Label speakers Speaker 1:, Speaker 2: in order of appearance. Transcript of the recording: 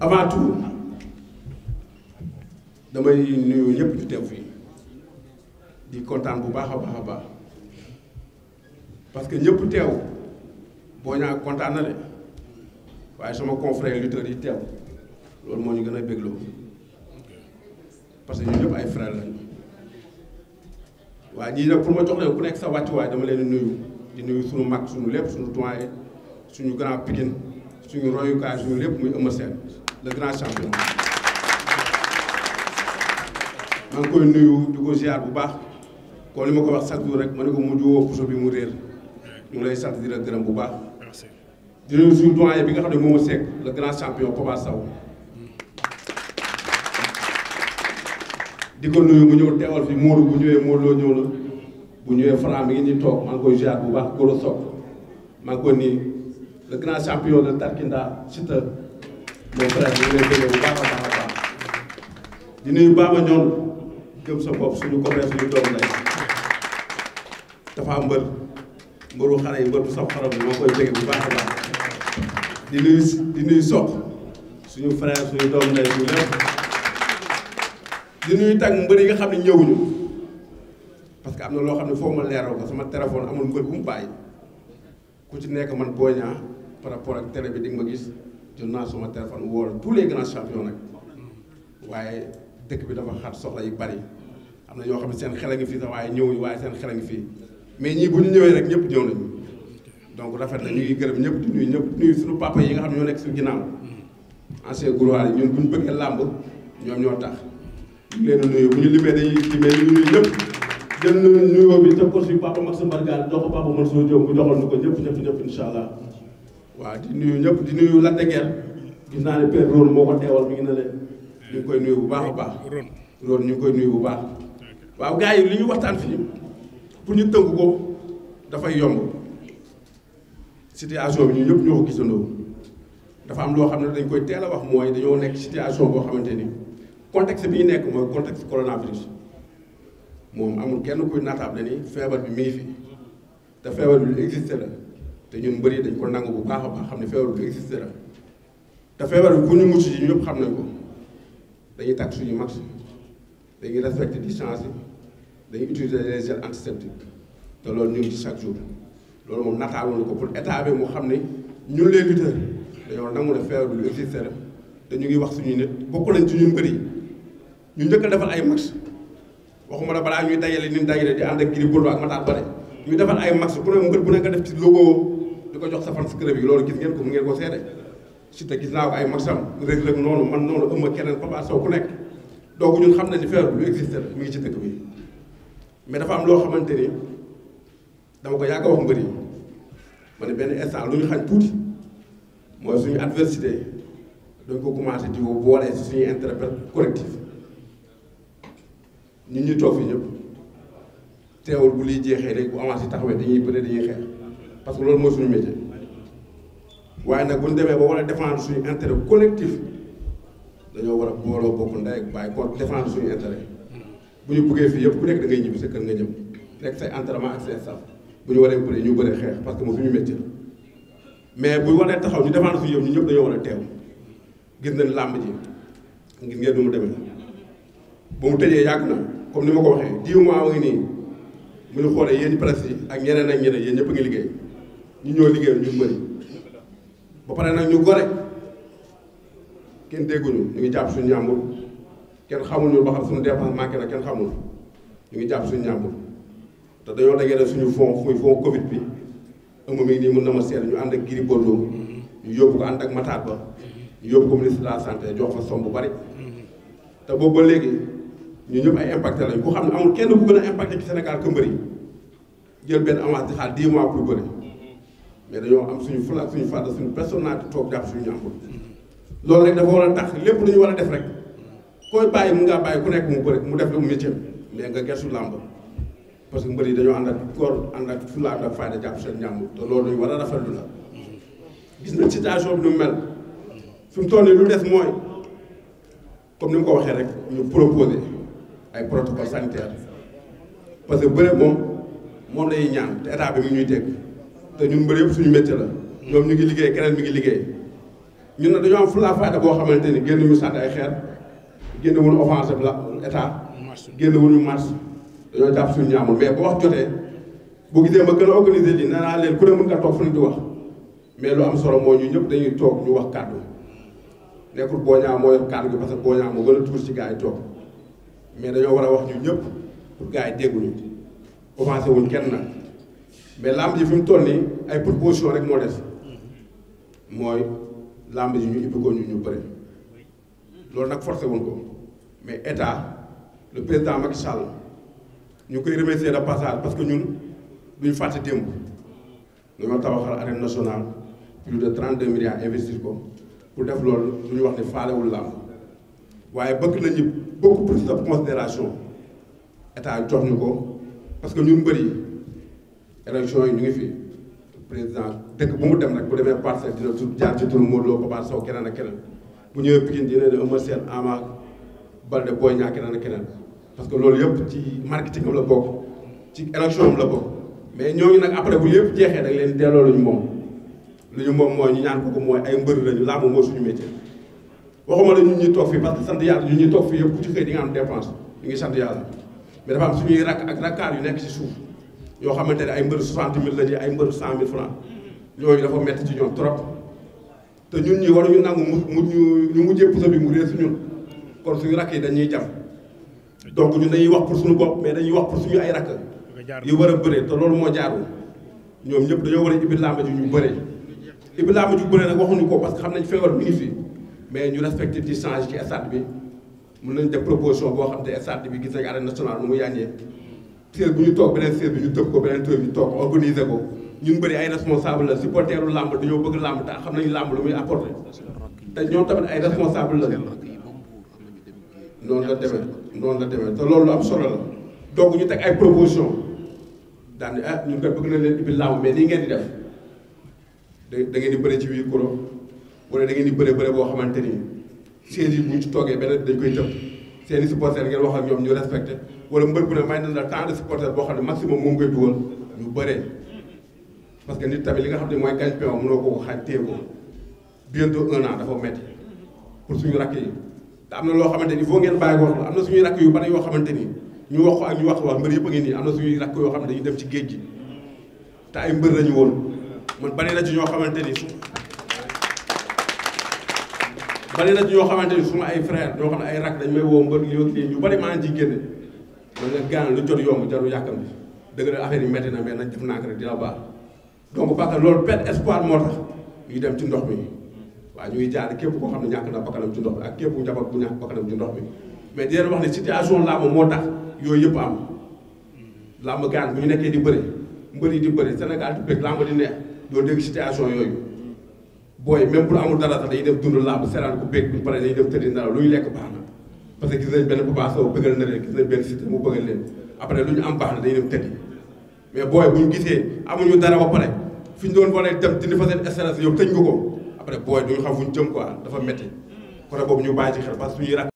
Speaker 1: avant tout damay nuyu ñëpp ñu teew fii di kontaan bu baax a baax a baax parce que ñëpp teew boo ñaa kontaan na de waaye sama confrère lutteur yi teew loolu moo ñu gën a bégloo parce que ñun ñëpp ay frère lañu waaye ñii nag pour ma jox leen ku nekk sa wàccuwaay dama leen nuyu di nuyu suñu mag suñu lépp suñu doyen suñu grand Pikine suñu royukaay suñu lépp muy Eumeu Sène le grand champion maa koy nuyu di ko ziar bu baax kon li ma ko wax chaque jour rek ma ne ko mujj woo puso bi mu réer ñu ngi lay sant di la gërëm bu baax di nuyu suñu doyen bi nga xam ne moom Seck le grand champion Koba Sow di ko nuyu mu ñëw teewal fi Modou bu ñëwee Modou loo ñëw la bu ñëwee Franc mi ngi ñu toog maa ngi koy ziar bu baax Golo Sock maa ngi koy nii le grand champion de Tarkinda Siteu mon frère ñu ngi lay bu baax a baax baax di nuyu Baba Ndiol gëm sa bopp suñu copain suñu doom lay dafa mbër mbëru xale yi mbër bu saf xaram moo koy déggee bu baax a li di nuyu suñu frère suñu doom lay suñu lépp di nuyu tag mbër yi nga xam ne ñëwuñu parce que am na loo xam ne foo ma leeroo ko sama téléphone amul mbër bu mu bàyyi ku ci nekk man booñaa par rapport ak télé bi di ma gis jot naa sama téléphone woo tous les grands champions nag waaye dëkk bi dafa xat soxla yu bari am na yoo xam seen xel a ngi fii sax waaye ñëwuñu waaye seen xel a fii mais ñii bu ñu ñëwee rek ñëpp ñëw nañu donc rafet na ñu ngi gërëm ñëpp ñëpp suñu papa yi nga xam ne ñoo nekk suñu ginnaaw ancien gouloir yi ñun bu ñu bëggee làmb ñoom ñoo tax ñu leen nuyu bu ñu limee dañuy limee ñu nuyu ñëpp jël nañu bi def ko suñu papa Maxime Bargal jox ko papa Mansour Diop mu joxoon ñu ko ñëpp ñëpp ñëpp incha allah waaw di nuyu ñëpp di nuyu Lac de gis naa ne père Rhone moo ko teewal mi ngi ne leen ñu ngi koy nuyu bu baax a baax. Rhone ñu ngi koy nuyu bu baax. waaw gaa yi li ñu waxtaan fii pour ñu tënk ko dafay yomb situation bi ñu ñëpp ñoo ko gisandoo dafa am loo xam ne dañ koy teel a wax mooy dañoo nekk situation boo xamante ni contexte bi ñu nekk mooy contexte coronavirus moom amul kenn kuy naataable ni feebar bi mi ngi fi te feebar bi lu la. te ñun mbër yi dañ ko nangu bu baax ba xam ne feebar bi existé la te feebar bi ku ñu mucc yi ñëpp xam nañ ko dañuy takk suñu mag dañuy respecté distance yi dañuy utiliser les gels antiseptiques te loolu ñu ngi ci chaque jour loolu moom nataaloon na ko pour état bi mu xam ne ñun les lutteurs dañoo nangu ne feebar bi lu existé te ñu ngi wax suñuy nit bokk nañ ci ñun mbër yi ñu njëkk a defal ay match waxuma la balaa ñuy dajale ni mu dajale di ànd ak Gris Bordeaux ak Matar Bale ñu defal ay max bu ne mbër bu ne def ci logo di ko jox sa fans club yi loolu gis ngeen ko mu ngeen ko seede si te gis naa ko ay maxam Reug Reug noonu man noonu ëmma keneen Papa Sow ku nekk donc ñu xam nañ ni feer bi lu existe la mu ngi ci dëkk bi mais dafa am loo xamante ni dama ko yàgg a wax mbër yi ma benn instant lu ñu xañ tuuti mooy suñu adversité dañ ko commencé di ko boole si suñu intérêt collectif ñun ñu toog fi ñëpp teewul bu liy jeexee rek bu avancé taxawee dañuy bëre dañuy xeex parce que loolu mooy suñu métier waaye nag bu ñu demee ba war a défendre suñu intérêt collectif dañoo war a booloo bokk ndey ak bàyyi ko défendre suñu intérêt bu ñu buggee fii yëpp ku nekk da ngay ñibbi sa kër nga jëm nekk say entraînement ak say staff bu ñu waree bëre ñu bëre xeex parce que mooy suñu métier mais bu waree taxaw ñu défendre suñu yëpp ñu ñëpp dañoo war a teew gis nañ làmb ji gis ngeen nu mu demee mu tëjee yàgg na comme ni ma ko waxee dix mois ngi bu ñu xoolee yéen presse yi ak ñeneen ak ñeneen yéen ñëpp a ngi liggéey ñu ñoo liggéey ñu bëri ba pare nag ñu gore kenn dégguñu ñu ngi jàpp suñu ñàmbur kenn xamuñu ba xam suñu dépense manqué na kenn xamul ñu ngi jàpp suñu ñàmbur te dañoo dajale suñu fond muy fond Covid bi ëmb mi nii mën na ma seet ñu ànd ak Gris Bordeaux ñu yóbbu ko ànd ak Matar Ba ñu yóbbu ko ministre de santé jox fa somme bu bari mm-hmm. te boobu ba léegi. ñu ñëpp ay impacté lañ ku xam ne amul kenn ku gën a impacté ci Sénégal que mbëri jël benn avance di xaar 10 mois pour bëri mais dañoo am suñu fulla suñu fàdda suñu personnalité toog jàpp suñu ñàmbur loolu rek dafa war a tax lépp lu ñu war a def rek koy bàyyi mun ngaa bàyyi ku nekk mu bëri mu def lu mu métier mais nga gersu làmb parce que mbër yi dañoo ànd ak góor ànd ak fulla ànd ak fayda jàpp seen ñàmbur te loolu dañu war a rafetlu la gis na situation bi nu mel fi mu toll nii lu des mooy comme ni mu ko waxee rek ñu proposé ay protocole sanitaire parce que bëre moom moom lay ñaan te état bi mu ñuy teg te ñun bëre yëpp suñu métier la ñoom ñu ngi liggéey keneen mi ngi liggéey ñun nag dañoo am fulla fayda boo xamante ni génn ñu sànni ay xeer génn wuñu offense bi la état génn wuñu marche dañoo jàpp suñu ñaamul mais boo wax jotee bu gisee ma gën a organiser li nee naa leen ku ne mën nga fu ñu di wax mais lu am solo moo ñu ñëpp dañuy toog ñu wax kàddu nekkul booñaa moo yor que booñaa moo gën a tuur ci mais dañoo war a wax ñun ñëpp pour gars yi dégguñu offensé wuñ kenn nag mais làmb ji fi mu toll nii ay pour proposition rek moo des mooy làmb ji ñu ubbi ko ñu ñu bëri loolu nag forcé wuñ ko mais état le président ak Sall ñu koy remercier de passage parce que ñun duñ fàtte démb dañoo tabaxal arène nationale plus de 32 milliards investir ko pour def loolu lu ñu wax ne faalewul làmb waaye bëgg nañu beaucoup plus de considération état jox ñu ko parce que ñun bëri élection yi ñu ngi fi président dëkk bu mu dem rek bu demee parcelle dina tur jaar ci turu Modou Lo Papa Sow keneen ak keneen bu ñëwee Pikine dina ne Eumeu Sène Ama Baldé Boy Niang keneen ak keneen parce que loolu yëpp ci marketing am la bokk ci élection la bokk mais ñooñu nag après bu yëpp jeexee da leen delloo lu ñu moom lu ñu moom mooy ñu ñaan ko ko mooy ay mbër lañu làmb mooy suñu métier. waxuma la ñun ñuy toog fii parce que sant yàlla ñun ñuy toog fii yëpp ku ci xëy di nga am dépense ñu ngi mais dafa am suñuy rakk ak rakkaar yu nekk ci suuf yoo xamante ne ay mbëru 60 mil la ñuy ay mbëru 100 000 francs yooyu dafa métti ci ñoom trop te ñun ñi waruñu nangu mu mu ñu mujjee puso bi mu réer ñun kon suñu rakk yi dañuy jam donc ñun dañuy wax pour suñu bopp mais dañuy wax pour suñu ay rakk yu war a bëree te loolu moo jaarul ñoom ñëpp dañoo war a ibbi làmb ji ñu bëree ibbi làmb ji bëree nag waxuñu ko parce que xam nañ feebar mi ngi mais ñu respecté ci change ci stade bi mun nañ def proposition boo xam te stade bi gis a arène nationale nu mu yàññee siège bu ñu toog beneen siège bi ñu tëb ko beneen tëb ñu toog organiser ko ñun bëri ay responsable la supporteru làmb dañoo bëgg làmb te xam nañu làmb lu muy apporté te ñoom tamit ay responsable la noonu la demee noonu la demee te loolu lu am solo la ñu teg ay proposition daan ah ñu kat bëgg na leen ubbi làmb mais nii ngeen di def da ngeen di bëri ci biir kuréel bu ne da ngeen di bëre bëre boo xamante ni chaise yi bu ci toogee benn dañ koy tëb seen i supporters ngeen wax ak ñoom ñu respecté wala mbër bu ne may na la tant de boo xam ne maximum moom koy dugal li nga xam ne mooy gagne-pain mënoo ko xaaj téye ko bientôt un dafa métti pour suñu rakk yi te am na loo xamante ni foo ngeen bàyyi ko wax am na suñuy rakk yu bari yoo xamante ni ñu wax ko ak ñu wax wax mbër yëpp a ngi nii am na suñuy rakk yoo xam ne dañu dem ci géej gi te ay mbër nañu woon man bari na ci xamante ni bari na yoo xamante ni su ma ay frère yoo xam ne ay rak dañ may woo mbër yow kii yu bari maa ngi ciy génne man leen gaan lu jot yomb jarul yàkkam bi dëgg affaire yi métti na mais nañ moo tax ñuy ci ndox mi waaw ñuy jaar képp koo xam ne ñàkk na bakkanam ci ndox mi ak képp njaboot bu ñàkk bakkanam ci ndox mi mais di leen wax ne situation làmb moo tax yooyu yëpp am làmb gaan bu ñu nekkee di bëri mbër yi di bëri Sénégal di bëgg làmb di neex doo dégg situation yooyu booy même bu amul dara sax dañuy def dund làmb seeraan ko béeg bu ñu paree dañuy def tëddi nelaw lu ñu lekk baax na parce que gis nañ benn Papa Sow bëggal na leen gis nañ benn Siteu mu bëggal leen après lu ñu am baax na dañuy dem tëddi mais booy bu ñu gisee amuñu dara ba pare fi ñu doon waree dem dindi fa seen stress yow tëj nga ko après booy duñu xam fu ñu jëm quoi dafa métti côté mm. boobu ñu bàyyi ci xel parce que suñuy